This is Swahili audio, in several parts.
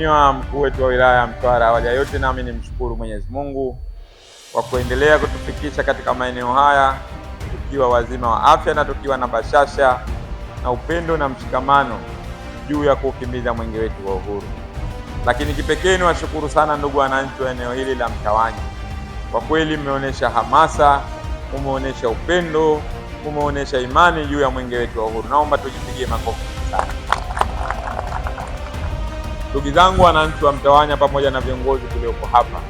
Mheshimiwa mkuu wetu wa wilaya ya Mtwara, awali ya yote nami nimshukuru Mwenyezi Mungu kwa kuendelea kutufikisha katika maeneo haya tukiwa wazima wa afya na tukiwa na bashasha na upendo na mshikamano juu ya kuukimbiza mwenge wetu wa uhuru. Lakini kipekee ni washukuru sana ndugu wananchi wa eneo hili la Mtawanyi, kwa kweli mmeonyesha hamasa, umeonyesha upendo, umeonyesha imani juu ya mwenge wetu wa uhuru. Naomba tujipigie makofi sana. Ndugu zangu wananchi wa Mtawanya pamoja na viongozi tulioko hapa,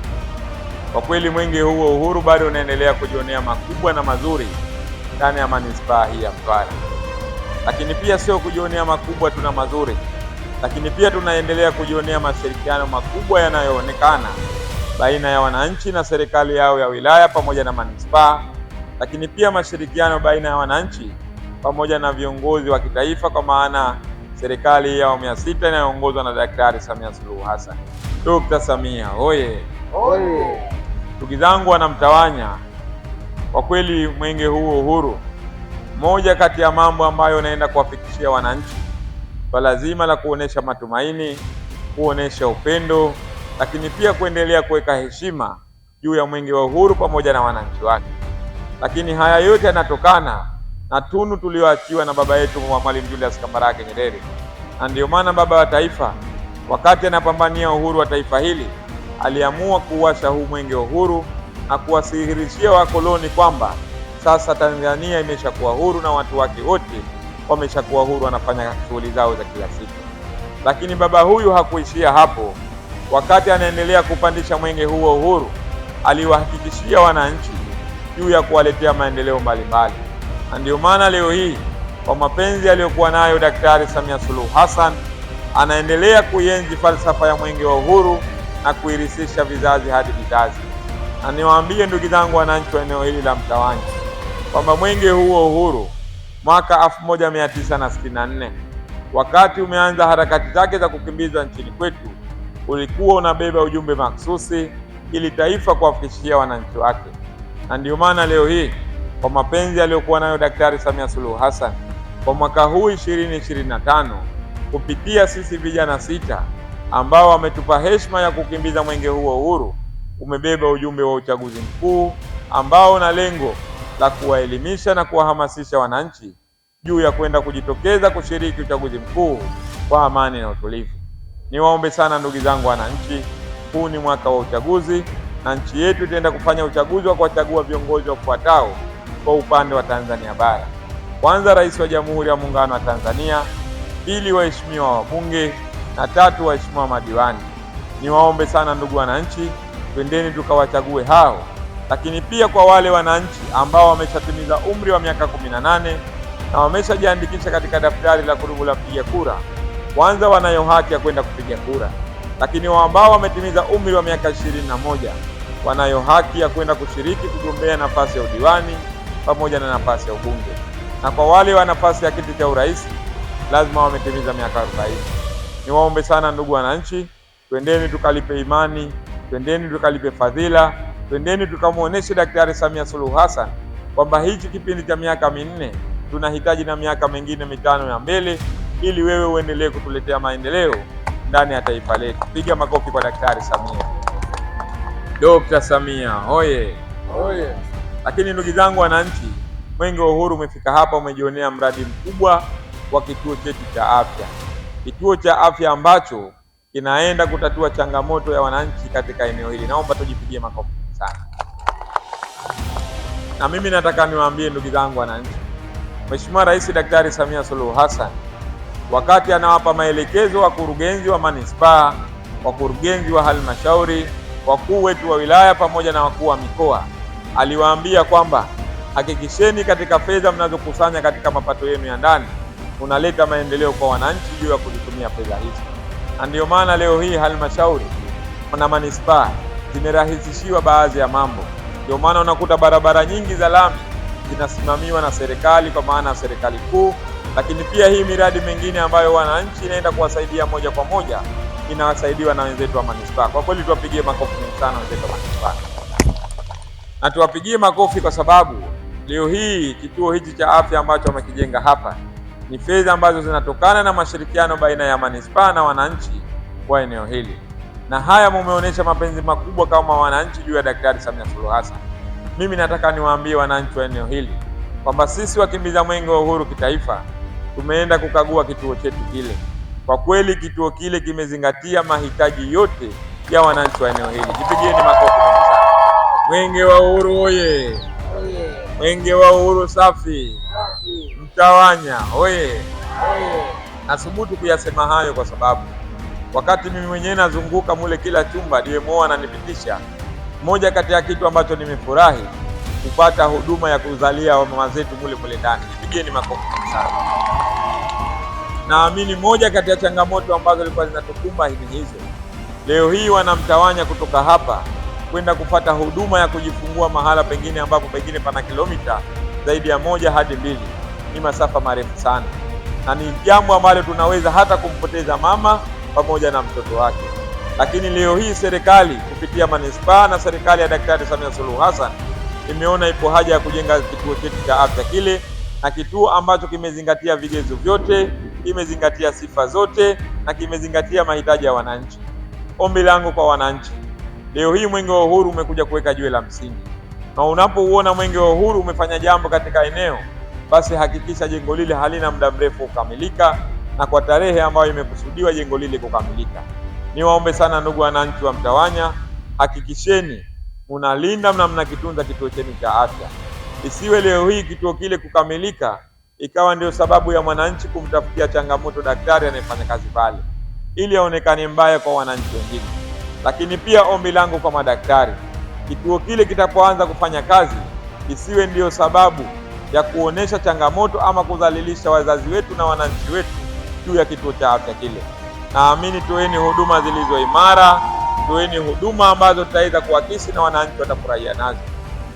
kwa kweli mwenge huu wa uhuru bado unaendelea kujionea makubwa na mazuri ndani ya manispaa hii ya Mtwara, lakini pia sio kujionea makubwa, tuna mazuri, lakini pia tunaendelea kujionea mashirikiano makubwa yanayoonekana baina ya wananchi na serikali yao ya wilaya pamoja na manispaa, lakini pia mashirikiano baina ya wananchi pamoja na viongozi wa kitaifa kwa maana serikali ya awamu ya sita inayoongozwa na Daktari Samia Suluhu Hassan. Dokta Samia oye! Ndugu zangu wanamtawanya, kwa kweli mwenge huu uhuru, moja kati ya mambo ambayo naenda kuwafikishia wananchi swala zima la kuonesha matumaini, kuonesha upendo, lakini pia kuendelea kuweka heshima juu ya mwenge wa uhuru pamoja na wananchi wake, lakini haya yote yanatokana na tunu tuliyoachiwa na baba yetu wa Mwalimu Julius Kambarage Nyerere. Na ndiyo maana baba wa taifa wakati anapambania uhuru wa taifa hili aliamua kuwasha huu mwenge wa uhuru na kuwasihirishia wakoloni kwamba sasa Tanzania imeshakuwa huru na watu wake wote wameshakuwa huru, wanafanya shughuli zao za kila siku. Lakini baba huyu hakuishia hapo. Wakati anaendelea kupandisha mwenge huo uhuru, aliwahakikishia wananchi juu ya kuwaletea maendeleo mbalimbali na ndiyo maana leo hii kwa mapenzi aliyokuwa nayo Daktari Samia Suluhu Hassan anaendelea kuienzi falsafa ya Mwenge wa Uhuru na kuirisisha vizazi hadi vizazi. Na niwaambie ndugu zangu wananchi wa eneo hili la Mtawanyi kwamba mwenge huu wa uhuru mwaka 1964 wakati umeanza harakati zake za kukimbiza nchini kwetu, ulikuwa unabeba ujumbe mahsusi ili taifa kuwafikishia wananchi wake, na ndiyo maana leo hii kwa mapenzi aliyokuwa nayo Daktari Samia Suluhu Hassan kwa mwaka huu 2025 kupitia sisi vijana sita ambao wametupa heshima ya kukimbiza mwenge huo uhuru, umebeba ujumbe wa uchaguzi mkuu ambao na lengo la kuwaelimisha na kuwahamasisha wananchi juu ya kwenda kujitokeza kushiriki uchaguzi mkuu kwa amani na utulivu. Niwaombe sana ndugu zangu wananchi, huu ni mwaka wa uchaguzi na nchi yetu itaenda kufanya uchaguzi wa kuwachagua viongozi wafuatao kwa upande wa Tanzania Bara. Kwanza, Rais wa Jamhuri ya Muungano wa Tanzania; pili, waheshimiwa wabunge; na tatu, waheshimiwa madiwani. Niwaombe sana ndugu wananchi, twendeni tukawachague hao, lakini pia kwa wale wananchi ambao wameshatimiza umri wa miaka 18 na wameshajiandikisha katika daftari la kudumu la mpiga kura, kwanza wanayo haki ya kwenda kupiga kura, lakini ambao wametimiza umri wa miaka 21 wanayo haki ya kwenda kushiriki kugombea nafasi ya udiwani pamoja na nafasi ya ubunge, na kwa wale wa nafasi ya kiti cha urais lazima wametimiza miaka 40. Niwaombe sana ndugu wananchi, twendeni tukalipe imani, twendeni tukalipe fadhila, twendeni tukamwonyeshe Daktari Samia Suluhu Hassan kwamba hichi kipindi cha miaka minne tunahitaji na miaka mingine mitano ya mbele, ili wewe uendelee kutuletea maendeleo ndani ya taifa letu. Piga makofi kwa Daktari Samia. Dokta Samia hoye, hoye. Lakini ndugu zangu wananchi, Mwenge wa Uhuru umefika hapa, umejionea mradi mkubwa wa kituo chetu cha afya, kituo cha afya ambacho kinaenda kutatua changamoto ya wananchi katika eneo hili. Naomba tujipigie makofi sana. Na mimi nataka niwaambie ndugu zangu wananchi, Mheshimiwa Rais Daktari Samia Suluhu Hassan wakati anawapa maelekezo wakurugenzi wa manispaa, wakurugenzi wa halmashauri, wakuu wetu wa wilaya pamoja na wakuu wa mikoa aliwaambia kwamba hakikisheni katika fedha mnazokusanya katika mapato yenu ya ndani unaleta maendeleo kwa wananchi juu ya kuzitumia fedha hizo, na ndiyo maana leo hii halmashauri na manispaa zimerahisishiwa baadhi ya mambo. Ndio maana unakuta barabara nyingi za lami zinasimamiwa na serikali kwa maana ya serikali kuu, lakini pia hii miradi mingine ambayo wananchi inaenda kuwasaidia moja kwa moja inawasaidiwa na wenzetu wa manispaa. Kwa kweli tuwapigie makofi mengi sana wenzetu wa manispaa na tuwapigie makofi kwa sababu leo hii kituo hichi cha afya ambacho wamekijenga hapa ni fedha ambazo zinatokana na mashirikiano baina ya manispaa na wananchi wa eneo hili, na haya mumeonyesha mapenzi makubwa kama wananchi juu ya Daktari Samia Suluhu Hassan. Mimi nataka niwaambie wananchi wa eneo hili kwamba sisi wakimbiza mwenge wa uhuru kitaifa tumeenda kukagua kituo chetu kile. Kwa kweli kituo kile kimezingatia mahitaji yote ya wananchi wa eneo hili. Jipigieni makofi. Mwenge wa Uhuru oye! Mwenge wa Uhuru safi! Mtawanya oye! Nathubutu kuyasema hayo kwa sababu wakati mimi mwenyewe nazunguka mule kila chumba, DMO ananipitisha. Moja kati ya kitu ambacho nimefurahi kupata huduma ya kuzalia wamama zetu mule mule ndani. Nipigeni makofi sana. Naamini moja kati ya changamoto ambazo zilikuwa zinatukumba hivi hizo, leo hii wanamtawanya kutoka hapa kwenda kupata huduma ya kujifungua mahala pengine ambapo pengine pana kilomita zaidi ya moja hadi mbili, ni masafa marefu sana, na ni jambo ambalo tunaweza hata kumpoteza mama pamoja na mtoto wake. Lakini leo hii serikali kupitia manispaa na serikali ya Daktari Samia Suluhu Hassan imeona ipo haja ya kujenga kituo chetu cha afya kile, na kituo ambacho kimezingatia vigezo vyote, kimezingatia sifa zote na kimezingatia mahitaji ya wananchi. Ombi langu kwa wananchi Leo hii mwenge wa uhuru umekuja kuweka jiwe la msingi, na unapouona mwenge wa uhuru umefanya jambo katika eneo, basi hakikisha jengo lile halina muda mrefu kukamilika, na kwa tarehe ambayo imekusudiwa jengo lile kukamilika. Niwaombe sana ndugu wananchi wa Mtawanya, hakikisheni mnalinda na mnakitunza kituo chenu cha afya. Isiwe leo hii kituo kile kukamilika ikawa ndio sababu ya mwananchi kumtafutia changamoto daktari anayefanya kazi pale, ili aonekane mbaya kwa wananchi wengine. Lakini pia ombi langu kwa madaktari, kituo kile kitapoanza kufanya kazi isiwe ndiyo sababu ya kuonesha changamoto ama kudhalilisha wazazi wetu na wananchi wetu juu ya kituo cha afya kile. Naamini tuweni huduma zilizo imara, tuweni huduma ambazo tutaweza kuakisi na wananchi watafurahia nazo,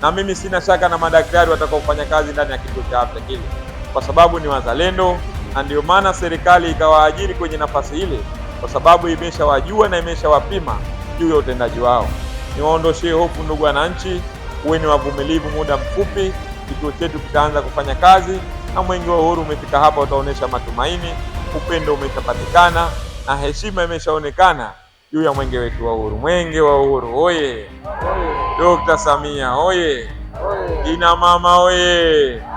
na mimi sina shaka na madaktari watakaofanya kazi ndani ya kituo cha afya kile, kwa sababu ni wazalendo, na ndio maana serikali ikawaajiri kwenye nafasi ile kwa sababu imeshawajua na imeshawapima juu ya utendaji wao. Niwaondoshee hofu, ndugu wananchi, ni wavumilivu. Muda mfupi kituo chetu kitaanza kufanya kazi, na mwenge wa uhuru umefika hapa, utaonyesha matumaini, upendo umeshapatikana na heshima imeshaonekana juu ya mwenge wetu wa uhuru. Mwenge wa uhuru oye! dokta Samia oye! Kina mama oye!